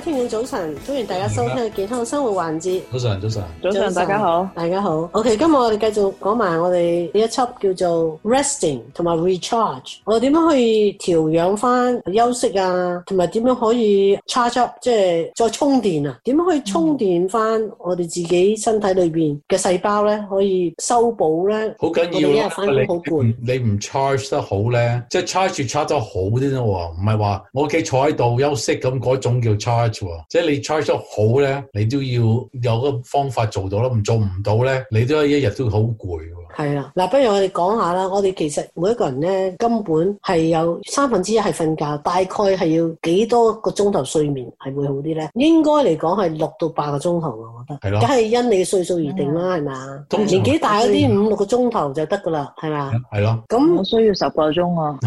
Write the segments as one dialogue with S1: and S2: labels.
S1: 聽眾早晨，歡迎大家收聽《健康生活環節》
S2: 早上。早晨，早
S1: 晨，早晨，大家好，大家好。OK，今日我哋繼續講埋我哋呢一輯叫做 Resting 同埋 Recharge。我點樣可以調養翻休息啊？同埋點樣可以 charge up，即係再充電啊？點樣去充電翻我哋自己身體裏邊嘅細胞咧？可以修補咧？好緊要啦！翻工好攰，
S2: 你唔 charge 得好咧，即係 charge 住 charge 得好啲咯、哦。唔係話我屋企坐喺度休息咁嗰種叫 charge。即係你 try 咗好咧，你都要有個方法做到咯。唔做唔到咧，你都一日都好攰。
S1: 係啦，嗱，不如我哋講下啦。我哋其實每一個人咧，根本係有三分之一係瞓覺，大概係要幾多個鐘頭睡眠係會好啲咧、嗯？應該嚟講係六到八個鐘頭，我覺得。係咯。梗係因你嘅歲數而定啦，係、嗯、嘛？年紀、嗯、大嗰啲五六個鐘頭就得噶啦，係咪啊？係咯。咁我需要十個鐘啊！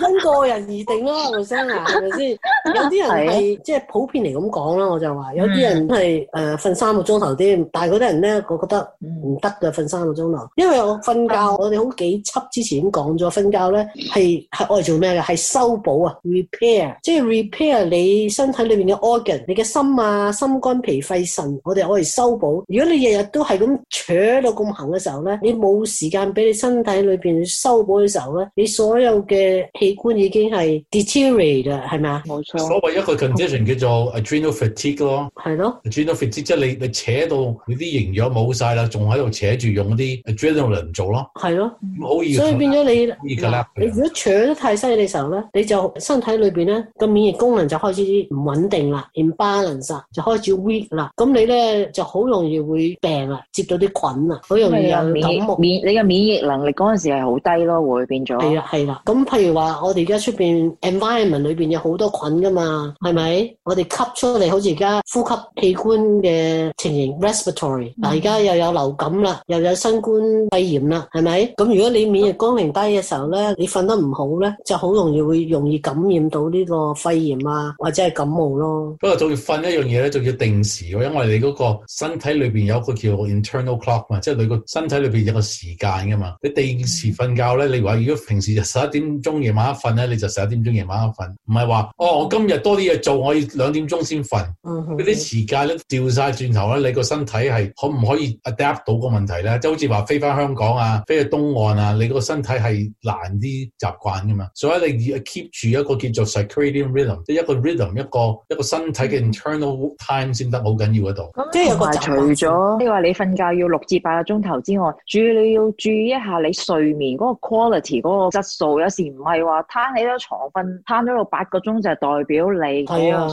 S1: 都係因個人而定咯，阿木生啊，係咪先？有啲人係即係普遍嚟咁講啦，我就話有啲人係誒瞓三個鐘頭添，但係嗰啲人咧，我覺得唔得。瞓三個鐘咯，因為我瞓覺，嗯、我哋好幾輯之前已經講咗，瞓覺咧係係愛做咩嘅？係修補啊，repair，即係 repair 你身體裏面嘅 organ，你嘅心啊、心肝脾肺腎，我哋愛嚟修補。如果你日日都係咁扯到咁行嘅時候咧，你冇時間俾你身體裏面修補嘅時候咧，你所有嘅器官已經係 deteriorate 啦，係咪啊？冇錯。所
S3: 謂
S2: 一個 condition 叫做 adrenal fatigue 咯，係咯，adrenal fatigue 即係你你扯到你啲營養冇晒啦，仲喺度扯。跟住用啲 adrenaline 做咯，
S1: 係咯、啊嗯，所以變咗你,你,變成你，你如果扯得太犀利時候咧，你就身體裏邊咧個免疫功能就開始唔穩定啦，imbalance 就開始 weak 啦，咁 你咧就好容易會病啦，接到啲菌啊，好容易有感冒、啊，免,免你嘅免疫能力嗰陣時係好低咯，會變咗。係啊，係啦、啊，咁譬如話我哋而家出邊 environment 裏邊有好多菌噶嘛，係咪？我哋吸出嚟好似而家呼吸器官嘅情形，respiratory，嗱而家又有流感啦。又有新冠肺炎啦，係咪？咁如果你免疫功能低嘅時候咧，你瞓得唔好咧，就好容易會容易感染到呢個肺炎啊，或者係感冒咯。
S2: 不過仲要瞓一樣嘢咧，仲要定時，因為你嗰個身體裏邊有個叫 internal clock 嘛，即係你個身體裏邊有個時間噶嘛。你定時瞓覺咧，你話如果平時就十一點鐘夜晚黑瞓咧，你就十一點鐘夜晚黑瞓，唔係話哦，我今日多啲嘢做，我要兩點鐘先瞓。嗰、嗯、啲時間咧掉晒轉頭咧，你個身體係可唔可以 adapt 到個問題？題啦，即係好似話飛翻香港啊，飛去東岸啊，你個身體係難啲習慣噶嘛，所以你要 keep 住一個叫做 circadian rhythm，即係、就是、一個 rhythm，一個一個身體嘅 internal time 先得好緊要嗰度。咁
S1: 即係同除咗你話你瞓覺要六至八個鐘頭之外，注你要注意一下你睡眠嗰個 quality，嗰個質素，有時唔係話攤起咗床瞓攤咗到八個鐘就代表你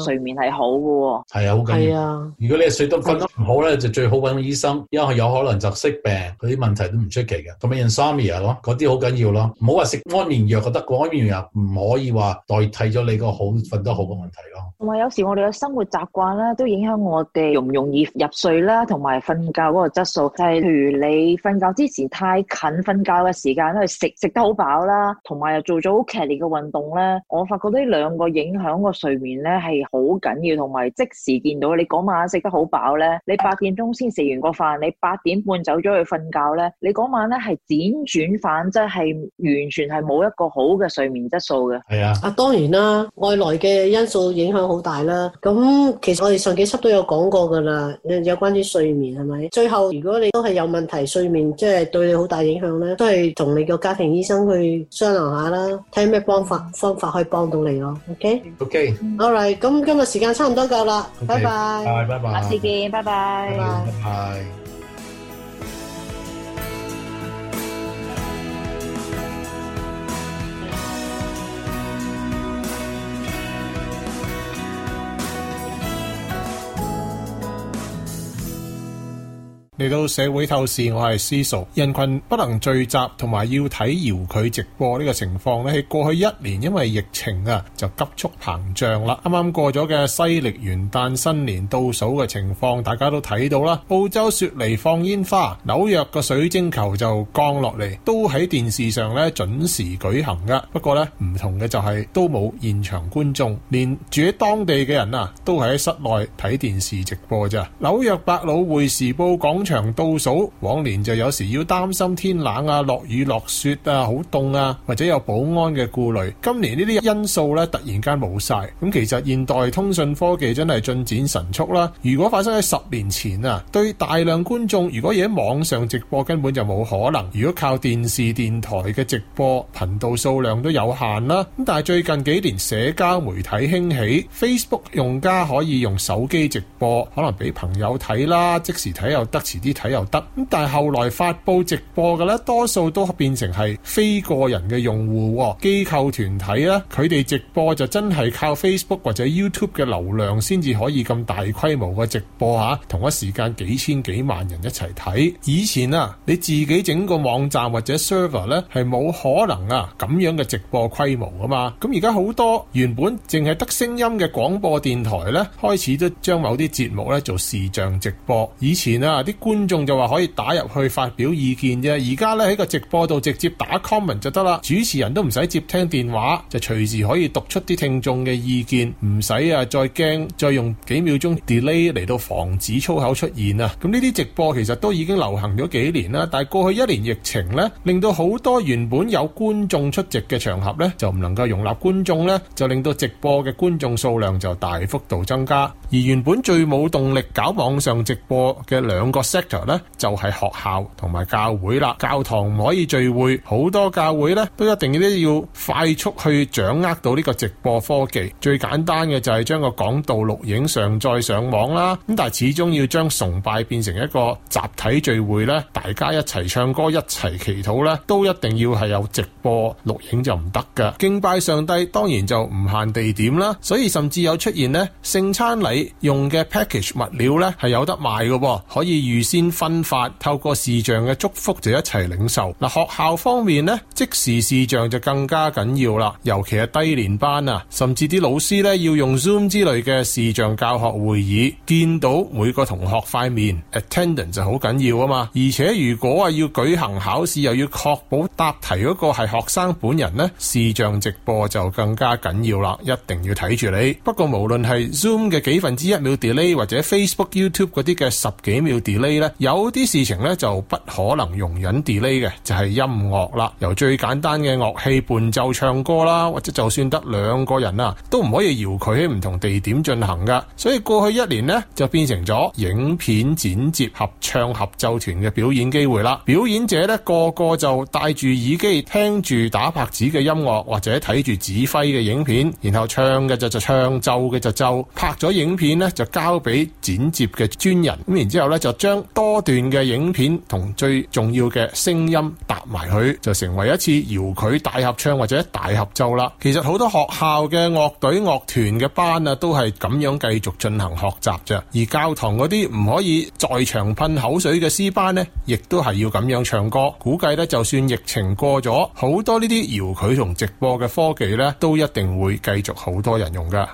S1: 睡眠係好噶
S2: 喎。係啊，好緊、啊、要。係啊，如果你係睡得瞓得唔好咧，就最好揾醫生，因為有可能就是。疾病啲問題都唔出奇嘅，同埋 insomnia 咯，嗰啲好緊要咯。唔好話食安眠藥就得，安眠藥唔可以話代替咗你個好瞓得好嘅問題咯。
S1: 同埋有，有時我哋嘅生活習慣咧，都影響我哋容唔容易入睡啦，同埋瞓覺嗰個質素。係、即係、譬如你瞓覺之前太近瞓覺嘅時間咧，因為食食得好飽啦，同埋又做咗好劇烈嘅運動咧，我發覺呢兩個影響個睡眠咧係好緊要，同埋即時見到你嗰晚食得好飽咧，你八點鐘先食完個飯，你八點半就。走咗去瞓覺咧，你嗰晚咧係輾轉反側，係完全係冇一個好嘅睡眠質素嘅。係啊，啊當然啦，外來嘅因素影響好大啦。咁其實我哋上幾輯都有講過噶啦，有關於睡眠係咪？最後如果你都係有問題睡眠，即係對你好大影響咧，都係同你個家庭醫生去商量一下啦，睇咩方法方法可以幫到你咯。
S2: OK，OK，All
S1: okay. right，咁今日時間差唔多夠啦，okay. 拜拜，拜拜，下次見，拜拜，
S2: 拜拜。拜拜拜拜。
S4: 嚟到社會透視，我係司徒。人群不能聚集，同埋要睇遙距直播呢個情況咧，喺過去一年因為疫情啊，就急速膨脹啦。啱啱過咗嘅西曆元旦新年倒數嘅情況，大家都睇到啦。澳洲雪梨放煙花，紐約個水晶球就降落嚟，都喺電視上咧準時舉行噶。不過咧唔同嘅就係、是、都冇現場觀眾，連住喺當地嘅人啊，都係喺室內睇電視直播咋。紐約百老匯時報講。場倒數，往年就有時要擔心天冷啊、落雨落雪啊、好凍啊，或者有保安嘅顧慮。今年呢啲因素咧突然間冇晒，咁其實現代通訊科技真係進展神速啦。如果發生喺十年前啊，對大量觀眾，如果要喺網上直播根本就冇可能。如果靠電視電台嘅直播頻道數量都有限啦，咁但係最近幾年社交媒體興起，Facebook 用家可以用手機直播，可能俾朋友睇啦，即時睇又得。遲啲睇又得，咁但係後來發佈直播嘅咧，多數都變成係非個人嘅用戶、機構團體咧，佢哋直播就真係靠 Facebook 或者 YouTube 嘅流量先至可以咁大規模嘅直播吓，啊，同一時間幾千幾萬人一齊睇。以前啊，你自己整個網站或者 server 咧，係冇可能啊咁樣嘅直播規模噶嘛。咁而家好多原本淨係得聲音嘅廣播電台咧，開始都將某啲節目咧做視像直播。以前啊，啲觀眾就話可以打入去發表意見啫，而家咧喺個直播度直接打 comment 就得啦，主持人都唔使接聽電話，就隨時可以讀出啲聽眾嘅意見，唔使啊再驚再用幾秒鐘 delay 嚟到防止粗口出現啊！咁呢啲直播其實都已經流行咗幾年啦，但係過去一年疫情呢，令到好多原本有觀眾出席嘅場合呢，就唔能夠容納觀眾呢，就令到直播嘅觀眾數量就大幅度增加，而原本最冇動力搞網上直播嘅兩個 sector 咧就係、是、學校同埋教會啦，教堂唔可以聚會，好多教會咧都一定要快速去掌握到呢個直播科技。最簡單嘅就係將個講道錄影上載上網啦。咁但係始終要將崇拜變成一個集體聚會咧，大家一齊唱歌、一齊祈禱咧，都一定要係有直播錄影就唔得㗎。敬拜上帝當然就唔限地點啦，所以甚至有出現咧聖餐禮用嘅 package 物料咧係有得賣㗎，可以預先分發，透過視像嘅祝福就一齊領受。嗱，學校方面呢，即時視像就更加緊要啦。尤其係低年班啊，甚至啲老師咧要用 Zoom 之類嘅視像教學會議，見到每個同學塊面，attendance 就好緊要啊嘛。而且如果啊要舉行考試，又要確保答題嗰個係學生本人呢，視像直播就更加緊要啦，一定要睇住你。不過無論係 Zoom 嘅幾分之一秒 delay 或者 Facebook、YouTube 嗰啲嘅十幾秒 delay。有啲事情咧就不可能容忍 delay 嘅，就係音樂啦。由最簡單嘅樂器伴奏唱歌啦，或者就算得兩個人啊，都唔可以搖佢喺唔同地點進行噶。所以過去一年呢，就變成咗影片剪接合唱合奏團嘅表演機會啦。表演者咧，個個就戴住耳機聽住打拍子嘅音樂或者睇住指揮嘅影片，然後唱嘅就就唱，奏嘅就奏，拍咗影片咧就交俾剪接嘅專人咁，然之後咧就將。多段嘅影片同最重要嘅聲音搭埋去，就成為一次遙距大合唱或者大合奏啦。其實好多學校嘅樂隊、樂團嘅班啊，都係咁樣繼續進行學習啫。而教堂嗰啲唔可以在場噴口水嘅詩班呢，亦都係要咁樣唱歌。估計呢，就算疫情過咗，好多呢啲遙距同直播嘅科技呢，都一定會繼續好多人用噶。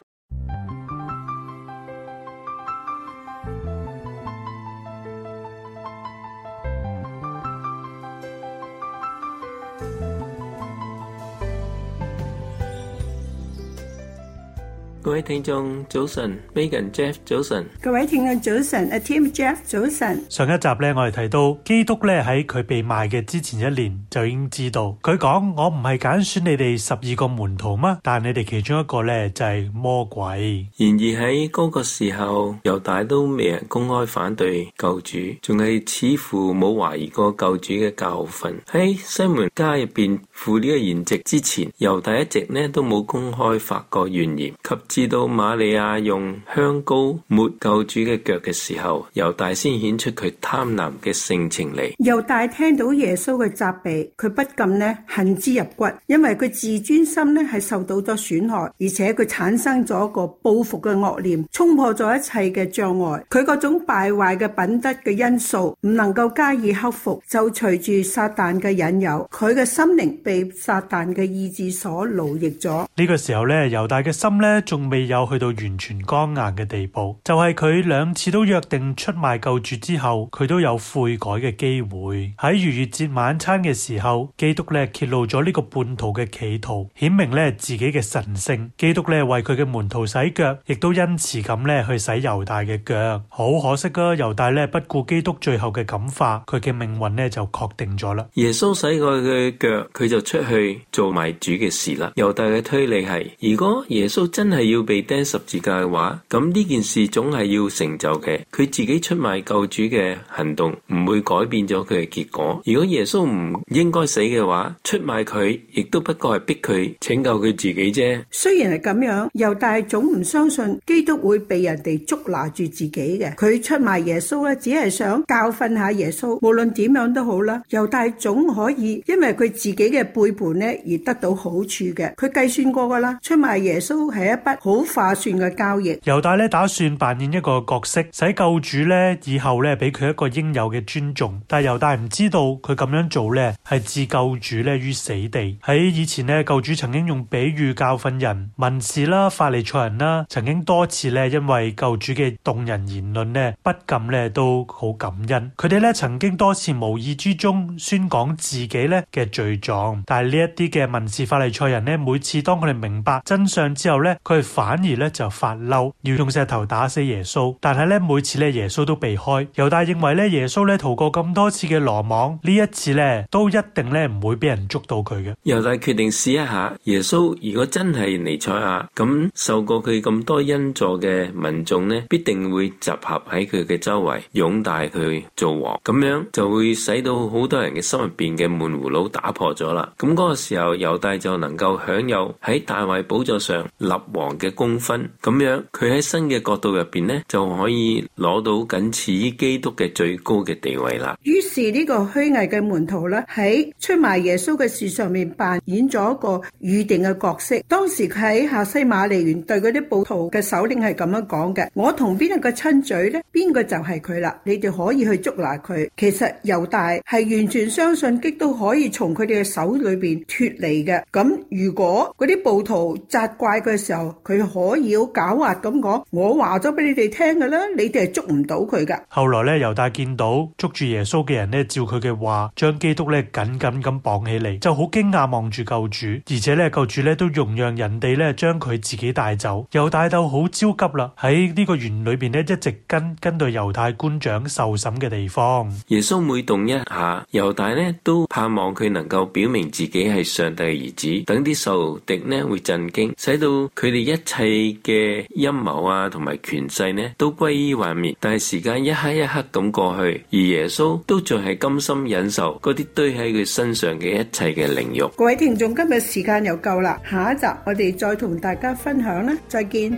S5: 各位聽眾
S3: 早晨，Megan Jeff 早晨，
S6: 各位聽眾早晨，阿 Tim Jeff 早晨。
S3: 上一集咧，我哋提到基督咧喺佢被賣嘅之前一年就已經知道，佢講，我唔係揀選你哋十二個門徒嗎？但係你哋其中一個咧就係魔鬼。
S5: 然而喺嗰個時候，猶大都未人公開反對救主，仲係似乎冇懷疑過救主嘅教訓。喺西門家入邊赴呢個筵席之前，猶大一直咧都冇公開發過怨言及。至到瑪利亞用香膏抹救主嘅腳嘅時候，猶大先顯出佢貪婪嘅性情嚟。
S6: 猶大聽到耶穌嘅責備，佢不禁呢恨之入骨，因為佢自尊心呢係受到咗損害，而且佢產生咗個報復嘅惡念，衝破咗一切嘅障礙。佢嗰種敗壞嘅品德嘅因素唔能夠加以克服，就隨住撒旦嘅引誘，佢嘅心靈被撒旦嘅意志所奴役咗。
S3: 呢個時候呢，猶大嘅心呢。未有去到完全剛硬嘅地步，就係、是、佢兩次都約定出賣救主之後，佢都有悔改嘅機會。喺逾越節晚餐嘅時候，基督咧揭露咗呢個叛徒嘅企圖，顯明咧自己嘅神聖。基督咧為佢嘅門徒洗腳，亦都因此咁咧去洗猶大嘅腳。好可惜啊，猶大咧不顧基督最後嘅感化，佢嘅命運咧就確定咗啦。
S5: 耶穌洗過佢嘅腳，佢就出去做賣主嘅事啦。猶大嘅推理係：如果耶穌真係，要被釘十字架嘅話，咁呢件事總係要成就嘅。佢自己出賣救主嘅行動唔會改變咗佢嘅結果。如果耶穌唔應該死嘅話，出賣佢亦都不過係逼佢拯救佢自己啫。
S6: 雖然係咁樣，猶大總唔相信基督會被人哋捉拿住自己嘅。佢出賣耶穌咧，只係想教訓下耶穌，無論點樣都好啦。猶大總可以因為佢自己嘅背叛咧而得到好處嘅。佢計算過噶啦，出賣耶穌係一筆，好划算嘅交
S3: 易。猶大咧打算扮演一個角色，使救主咧以後咧俾佢一個應有嘅尊重。但係猶大唔知道佢咁樣做咧係置救主咧於死地。喺以前咧，救主曾經用比喻教訓人，文士啦、法利賽人啦，曾經多次咧因為救主嘅動人言論咧，不禁咧都好感恩。佢哋咧曾經多次無意之中宣講自己咧嘅罪狀，但係呢一啲嘅文士法利賽人咧，每次當佢哋明白真相之後咧，佢反而咧就發嬲，要用石頭打死耶穌。但係咧每次咧耶穌都避開。猶大認為咧耶穌咧逃過咁多次嘅羅網，呢一次咧都一定咧唔會俾人捉到佢嘅。猶大
S5: 決定試一下耶穌，如果真係彌賽亞，咁受過佢咁多恩助嘅民眾咧，必定會集合喺佢嘅周圍，擁戴佢做王。咁樣就會使到好多人嘅心入邊嘅悶葫蘆打破咗啦。咁、那、嗰個時候，猶大就能夠享有喺大衛寶座上立王，嘅公分咁樣，佢喺新嘅角度入邊呢，就可以攞到僅次於基督嘅最高嘅地位啦。
S6: 於是呢個虛偽嘅門徒咧，喺出賣耶穌嘅事上面扮演咗一個預定嘅角色。當時佢喺下西馬利園對嗰啲暴徒嘅首領係咁樣講嘅：我同邊一個親嘴呢？邊個就係佢啦。你哋可以去捉拿佢。其實猶大係完全相信基督可以從佢哋嘅手裏邊脫離嘅。咁如果嗰啲暴徒責怪嘅時候，佢可以好狡猾咁講，我話咗俾你哋聽噶啦，你哋係捉唔到佢噶。
S3: 後來咧，猶大見到捉住耶穌嘅人咧，照佢嘅話，將基督咧緊緊咁綁起嚟，就好驚訝望住救主，而且咧救主咧都容讓人哋咧將佢自己帶走。猶大就好焦急啦，喺呢個園裏邊咧一直跟跟到猶太官長受審嘅地方。
S5: 耶穌每動一下，猶大咧都盼望佢能夠表明自己係上帝嘅兒子，等啲仇敵咧會震驚，使到佢哋一一切嘅陰謀啊，同埋權勢呢，都歸於幻滅。但係時間一刻一刻咁過去，而耶穌都仲係甘心忍受嗰啲堆喺佢身上嘅一切嘅凌辱。
S6: 各位聽眾，今日時間又夠啦，下一集我哋再同大家分享啦，再見。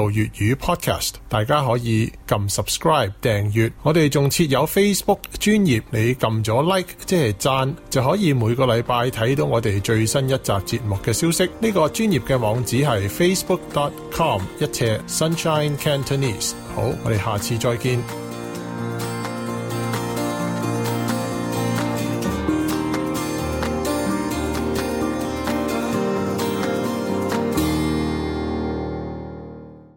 S4: 做粵語 podcast，大家可以撳 subscribe 訂閱。我哋仲設有 Facebook 專頁，你撳咗 like 即係讚，就可以每個禮拜睇到我哋最新一集節目嘅消息。呢個專業嘅網址係 facebook dot com 一尺 Sunshine Cantonese。好，我哋下次再見。